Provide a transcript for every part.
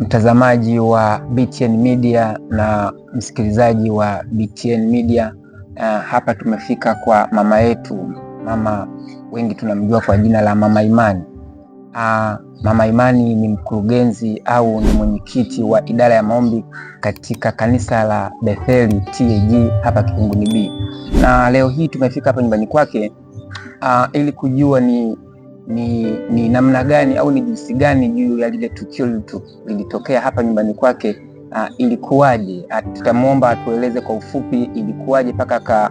mtazamaji wa BTN Media na msikilizaji wa BTN Media. Uh, hapa tumefika kwa mama yetu, mama wengi tunamjua kwa jina la Mama Imani. Uh, Mama Imani ni mkurugenzi au ni mwenyekiti wa idara ya maombi katika kanisa la Betheli TAG hapa Kikunguni B, na leo hii tumefika hapa nyumbani kwake uh, ili kujua ni ni, ni namna gani au ni jinsi gani juu ya lile tukio lilitokea hapa nyumbani kwake. Uh, ilikuwaje? Tutamwomba atueleze kwa ufupi ilikuwaje mpaka aka,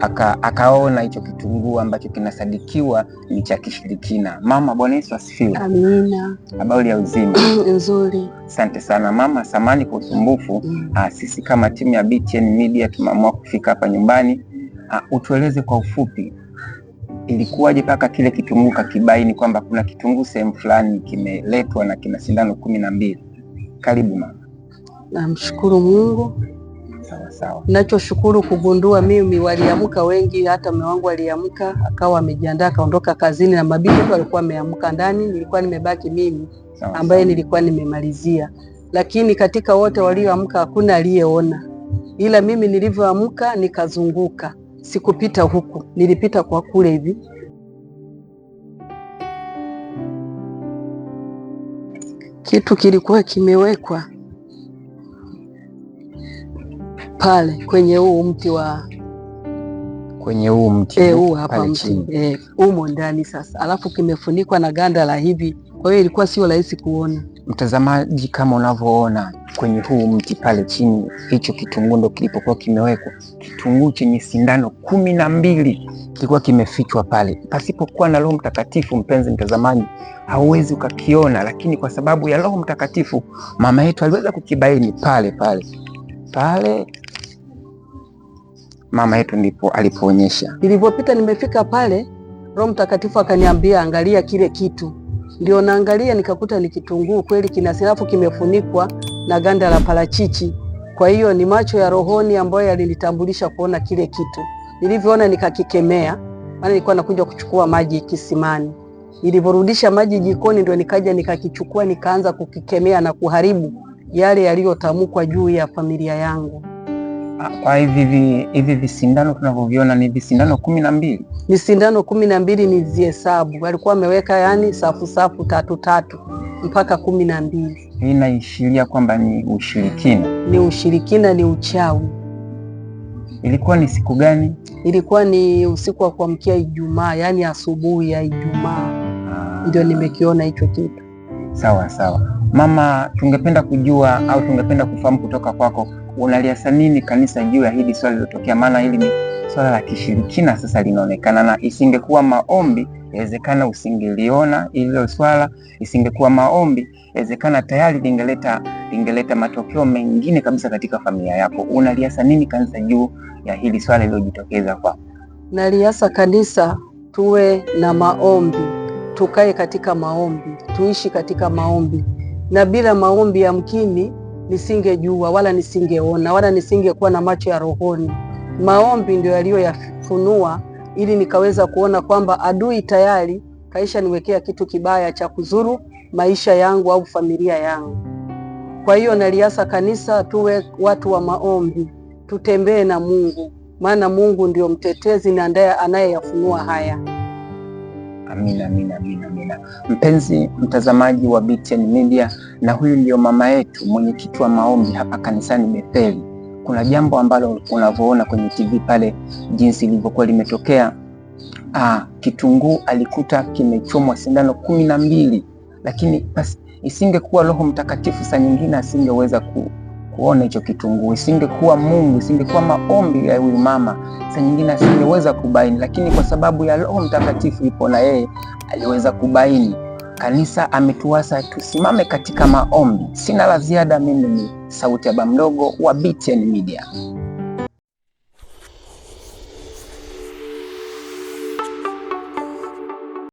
aka, akaona hicho kitunguu ambacho kinasadikiwa ni cha kishirikina. Mama, Bwana Yesu asifiwe. Amina. Habari ya uzima? Nzuri. Asante sana mama, samani kwa usumbufu. Mm. Uh, sisi kama timu ya BTN Media tumeamua kufika hapa nyumbani. Uh, utueleze kwa ufupi ilikuwaje mpaka kile kitunguu kakibaini kwamba kuna kitunguu sehemu fulani kimeletwa na kina sindano kumi na mbili? Karibu mama. Namshukuru Mungu. Sawa sawa. Nachoshukuru kugundua mimi, waliamka wengi, hata mume wangu aliamka akawa amejiandaa akaondoka kazini, na mabibi tu alikuwa ameamka ndani, nilikuwa nimebaki mimi ambaye nilikuwa nimemalizia, lakini katika wote walioamka hakuna aliyeona, ila mimi nilivyoamka nikazunguka sikupita huku, nilipita kwa kule hivi. Kitu kilikuwa kimewekwa pale kwenye huu mti wa kwenye huu mti e, huu hapa mti e, eh, umo ndani sasa, alafu kimefunikwa na ganda la hivi, kwa hiyo ilikuwa sio rahisi kuona. Mtazamaji, kama unavyoona kwenye huu mti pale chini, hicho kitunguu ndo kilipokuwa kimewekwa. Kitunguu chenye sindano kumi na mbili kilikuwa kimefichwa pale. Pasipokuwa na Roho Mtakatifu, mpenzi mtazamaji, hauwezi ukakiona, lakini kwa sababu ya Roho Mtakatifu mama yetu aliweza kukibaini pale pale pale. Mama yetu ndipo alipoonyesha. Nilivyopita nimefika pale, Roho Mtakatifu akaniambia, angalia kile kitu ndio naangalia nikakuta ni kitunguu kweli, kina silafu kimefunikwa na ganda la parachichi. Kwa hiyo ni macho ya rohoni ambayo yalinitambulisha kuona kile kitu. Nilivyoona nikakikemea, maana nilikuwa nakuja kuchukua maji kisimani. Nilivyorudisha maji jikoni, ndio nikaja nikakichukua, nikaanza kukikemea na kuharibu yale yaliyotamkwa juu ya familia yangu. Kwa hivi hivi visindano tunavyoviona ni visindano kumi na mbili, visindano kumi na mbili ni zihesabu, walikuwa wameweka yani safu safu tatu tatu mpaka kumi na mbili. Hii inaishiria kwamba ni ushirikina, ni ushirikina, ni uchawi. Ilikuwa ni siku gani? Ilikuwa ni usiku wa kuamkia Ijumaa, yaani asubuhi ya Ijumaa, ah. ndio nimekiona hicho kitu. Sawa sawa. Mama, tungependa kujua au tungependa kufahamu kutoka kwako, unaliasa nini kanisa juu ya hili swala lilotokea? Maana hili ni swala la kishirikina sasa linaonekana, na isingekuwa maombi yawezekana usingeliona hilo swala. Isingekuwa maombi yawezekana tayari lingeleta lingeleta matokeo mengine kabisa katika familia yako. Unaliasa nini kanisa juu ya hili swala lililojitokeza kwako? Naliasa kanisa tuwe na maombi, tukae katika maombi, tuishi katika maombi na bila maombi ya mkini nisingejua wala nisingeona wala nisingekuwa na macho ya rohoni. Maombi ndio yaliyoyafunua ili nikaweza kuona kwamba adui tayari kaisha niwekea kitu kibaya cha kuzuru maisha yangu au familia yangu. Kwa hiyo naliasa kanisa tuwe watu wa maombi, tutembee na Mungu, maana Mungu ndio mtetezi na ndiye anayeyafunua haya. Amina, amina, amina, amina. Mpenzi mtazamaji wa BTN Media, na huyu ndio mama yetu mwenyekiti wa maombi hapa kanisani Betheli. Kuna jambo ambalo unavyoona kwenye TV pale jinsi ilivyokuwa limetokea. Ah, kitunguu alikuta kimechomwa sindano kumi na mbili, lakini isingekuwa Roho Mtakatifu saa nyingine asingeweza ku kuona hicho kitunguu. Isingekuwa Mungu, isingekuwa maombi ya huyu mama, saa nyingine asingeweza kubaini, lakini kwa sababu ya Roho Mtakatifu ipo na yeye aliweza kubaini. Kanisa ametuasa tusimame katika maombi. Sina la ziada, mimi ni sauti ya bamdogo wa BTN Media.